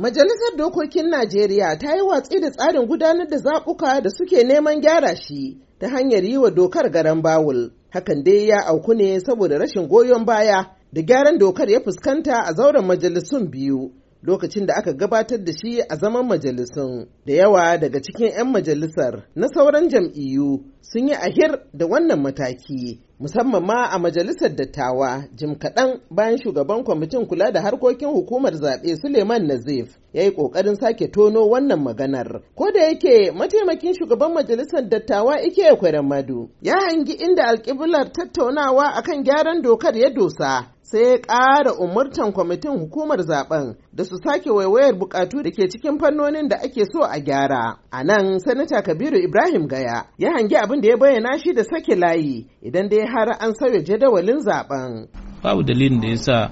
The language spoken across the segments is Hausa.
Majalisar Dokokin Najeriya ta yi watsi da tsarin gudanar da zaɓuka da suke neman gyara shi ta hanyar yi wa dokar garan bawul. Hakan dai ya auku ne saboda rashin goyon baya da gyaran dokar ya fuskanta a zauren majalisun biyu lokacin da aka gabatar da shi a zaman majalisun. Da yawa daga cikin 'yan majalisar na sauran jam'iyyu sun yi ahir da wannan mataki musamman ma a majalisar dattawa jim kaɗan bayan shugaban kwamitin kula da harkokin hukumar zaɓe suleiman nazif ya yi ƙoƙarin sake tono wannan maganar ko da yake mataimakin shugaban majalisar dattawa ike kwaren madu ya hangi inda alƙiblar tattaunawa akan gyaran dokar ya dosa sai ya ƙara umurtan kwamitin hukumar zaben da su sake waiwayar bukatu da ke cikin fannonin da ake so a gyara. A nan, Sanata Kabiru Ibrahim Gaya ya hangi abin da ya bayyana shi da sake layi idan dai har an sauya jadawalin zaben. Babu dalilin da ya sa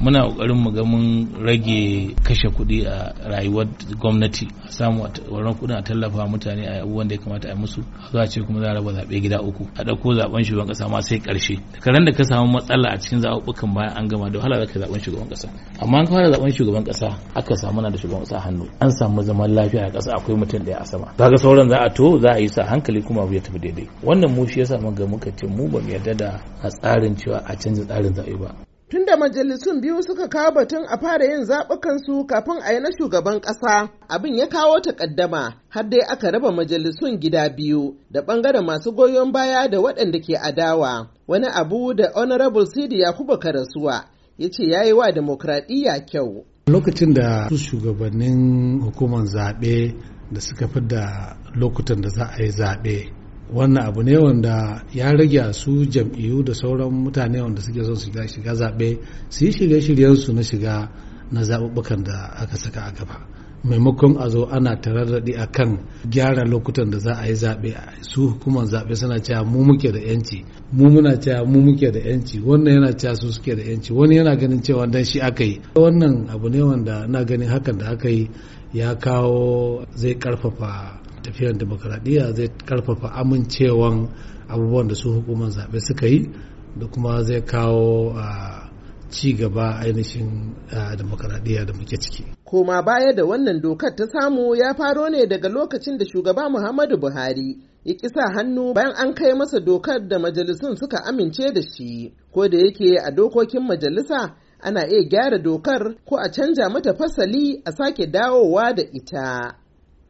muna ƙoƙarin mu ga mun rage kashe kuɗi a rayuwar gwamnati a samu wannan kuɗin a tallafa mutane a abubuwan da ya kamata a musu zuwa ce kuma za a raba zaɓe gida uku a dauko zaɓen shugaban ƙasa ma sai ƙarshe karen da ka samu matsala a cikin zaɓuɓɓukan bayan an gama da wahala za ka zaɓen shugaban ƙasa amma an fara zaɓen shugaban ƙasa aka samu na da shugaban ƙasa hannu an samu zaman lafiya a ƙasa akwai mutum ɗaya a sama kaga sauran za a to za a yi sa hankali kuma abu ya tafi daidai wannan mu shi ga muka ce mu ba mu yarda da a tsarin cewa a canza tsarin zaɓe ba tunda majalisun biyu suka kawo batun a fara yin zaɓukansu kafin a yi na shugaban ƙasa abin ya kawo takaddama har dai aka raba majalisun gida biyu da ɓangaren masu goyon baya da waɗanda ke adawa wani abu da honorable sidi kuba karasuwa ya ce ya yi wa demokradiyya kyau lokacin da su shugabannin hukumar zaɓe da suka fi da lokutan da za a yi zaɓe wannan abu ne wanda ya rage su jam'iyyu da sauran mutane wanda suke son su shiga zaɓe su yi shirye su na shiga na zaɓuɓɓukan da aka saka a gaba maimakon a zo ana tararraɗi a kan gyara lokutan da za a yi zaɓe su hukumar zaɓe suna cewa mu muke da yanci mu muna cewa mu muke da yanci wannan yana cewa su suke da yanci wani yana ganin cewa dan shi aka yi wannan abu ne wanda na ganin hakan da aka yi ya kawo zai karfafa tafiyar demokradiyya zai karfafa amincewan abubuwan da su hukumar zaɓe suka yi da kuma zai kawo ci gaba ainihin demokradiyya da muke ciki. Koma baya da wannan dokar ta samu ya faro ne daga lokacin da shugaba Muhammadu Buhari ya kisa hannu bayan an kai masa dokar da majalisun suka amince da shi. Ko da yake a dokokin majalisa ana iya gyara dokar ko a canja mata fasali a sake dawowa da ita.